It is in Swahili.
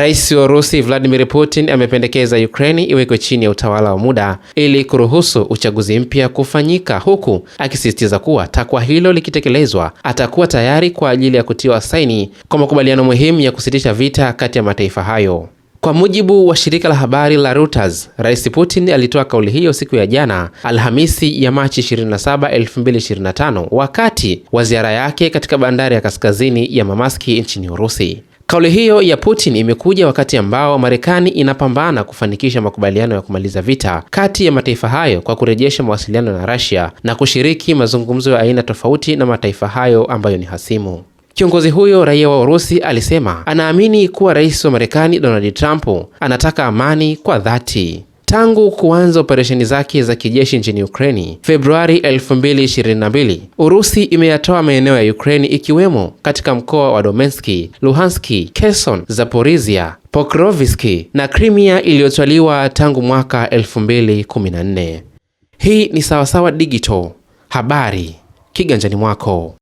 Rais wa Urusi Vladimir Putin amependekeza Ukraini iwekwe chini ya utawala wa muda ili kuruhusu uchaguzi mpya kufanyika, huku akisisitiza kuwa takwa hilo likitekelezwa atakuwa tayari kwa ajili ya kutiwa saini kwa makubaliano muhimu ya kusitisha vita kati ya mataifa hayo. Kwa mujibu wa shirika la habari la Reuters, Rais Putin alitoa kauli hiyo siku ya jana Alhamisi ya Machi 27, 2025 wakati wa ziara yake katika bandari ya kaskazini ya Mamaski nchini Urusi. Kauli hiyo ya Putin imekuja wakati ambao Marekani inapambana kufanikisha makubaliano ya kumaliza vita kati ya mataifa hayo kwa kurejesha mawasiliano na Russia na kushiriki mazungumzo ya aina tofauti na mataifa hayo ambayo ni hasimu. Kiongozi huyo raia wa Urusi alisema anaamini kuwa rais wa Marekani Donald Trump anataka amani kwa dhati. Tangu kuanza operesheni zake za kijeshi nchini Ukraini Februari 2022, Urusi imeyatoa maeneo ya Ukraini ikiwemo katika mkoa wa Domenski, Luhanski, Kherson, Zaporizhia, pokroviski na Crimea iliyotwaliwa tangu mwaka 2014. Hii ni Sawasawa Digital, habari kiganjani mwako.